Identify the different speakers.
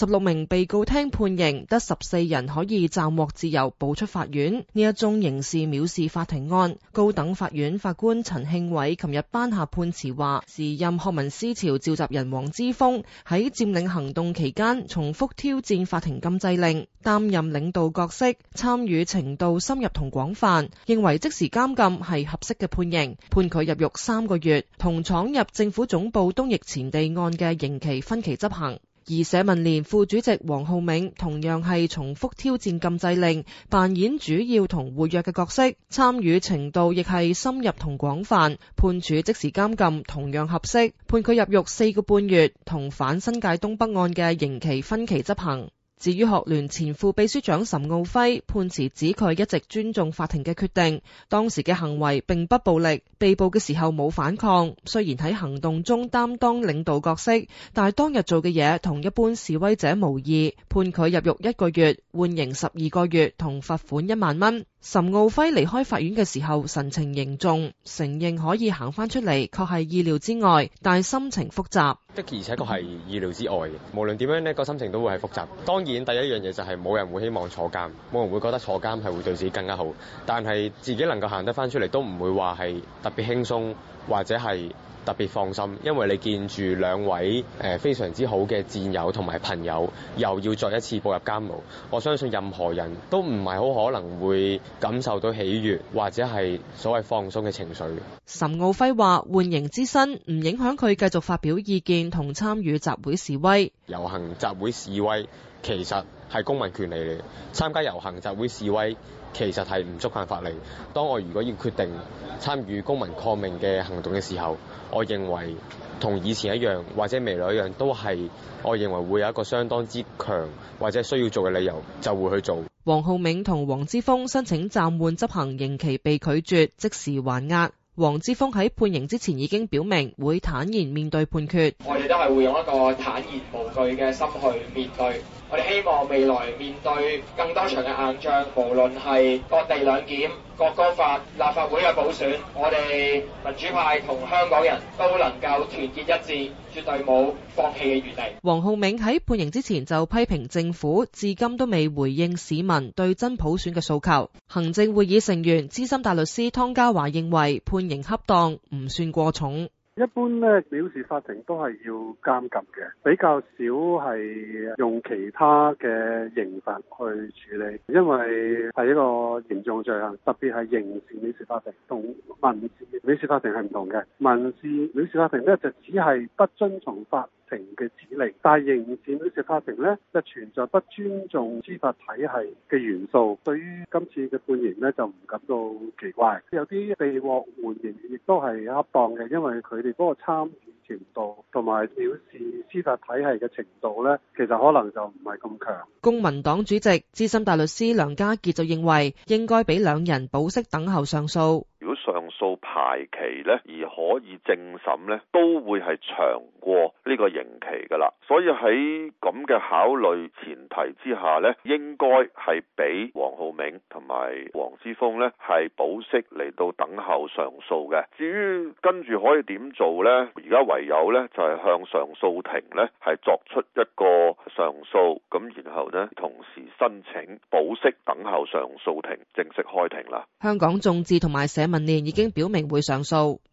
Speaker 1: 十六名被告聽判刑，得十四人可以暫獲自由，保出法院。呢一宗刑事藐視法庭案，高等法院法官陳慶偉琴日頒下判詞，話時任學民思潮召集人黃之鋒喺佔領行動期間，重複挑戰法庭禁制令，擔任領導角色，參與程度深入同廣泛，認為即時監禁係合適嘅判刑，判佢入獄三個月，同闖入政府總部東翼前地案嘅刑期分期執行。而社民聯副主席黃浩銘同樣係重複挑戰禁制令，扮演主要同活躍嘅角色，參與程度亦係深入同廣泛。判處即時監禁同樣合適，判佢入獄四個半月，同反新界東北案嘅刑期分期執行。至於學聯前副秘書長岑敖暉，判詞指佢一直尊重法庭嘅決定，當時嘅行為並不暴力，被捕嘅時候冇反抗，雖然喺行動中擔當領導角色，但係當日做嘅嘢同一般示威者無異。判佢入獄一個月，緩刑十二個月同罰款一萬蚊。岑敖暉離開法院嘅時候神情凝重，承認可以行返出嚟，確係意料之外，但係心情複雜。
Speaker 2: 的而且確係意料之外嘅，無論點樣呢，個心情都會係複雜。當然，第一樣嘢就係、是、冇人會希望坐監，冇人會覺得坐監係會對自己更加好。但係自己能夠行得翻出嚟，都唔會話係特別輕鬆或者係特別放心，因為你見住兩位誒非常之好嘅戰友同埋朋友又要再一次步入監獄，我相信任何人都唔係好可能會感受到喜悅或者係所謂放鬆嘅情緒。
Speaker 1: 岑敖暉話：緩刑之身唔影響佢繼續發表意見同參與集會示威、
Speaker 2: 遊行、集會示威。其實係公民權利嚟，參加遊行集會示威其實係唔觸犯法例。當我如果要決定參與公民抗命嘅行動嘅時候，我認為同以前一樣，或者未來一樣，都係我認為會有一個相當之強或者需要做嘅理由，就會去做。
Speaker 1: 黃浩銘同黃之鋒申請暫緩執行刑期被拒絕，即時還押。黃之鋒喺判刑之前已經表明會坦然面對判決。我哋都係會用一個坦然無懼嘅心去
Speaker 2: 面對。我哋希望未來面對更多場嘅硬仗，無論係各地兩檢、各個法、立法會嘅補選，我哋民主派同香港人都能夠團結一致，絕對冇放棄嘅餘地。
Speaker 1: 黃浩銘喺判刑之前就批評政府至今都未回應市民對真普選嘅訴求。行政會議成員、資深大律師湯家驊認為判刑恰當，唔算過重。
Speaker 3: 一般呢，藐視法庭都係要監禁嘅，比較少係用其他嘅刑罰去處理，因為係一個嚴重罪行，特別係刑事藐視法庭同民事藐視法庭係唔同嘅，民事藐視法庭呢就只係不遵從法成嘅指令，但仍然戰呢個法庭呢就存在不尊重司法體系嘅元素。對於今次嘅判刑呢就唔感到奇怪。有啲被獲緩刑，亦都係恰當嘅，因為佢哋嗰個參與程度同埋表示司法體系嘅程度呢，其實可能就唔係咁強。
Speaker 1: 公民黨主席資深大律師梁家傑就認為，應該俾兩人保釋等候上訴。
Speaker 4: 做排期咧，而可以正審咧，都會係長過呢個刑期噶啦。所以喺咁嘅考慮前提之下咧，應該係俾黃浩銘同埋黃之鋒咧係保釋嚟到等候上訴嘅。至於跟住可以點做咧，而家唯有咧就係向上訴庭咧係作出一個上訴，咁然後咧同時申請保釋等候上訴庭正式開庭啦。
Speaker 1: 香港眾志同埋社民連已經。表明會上訴。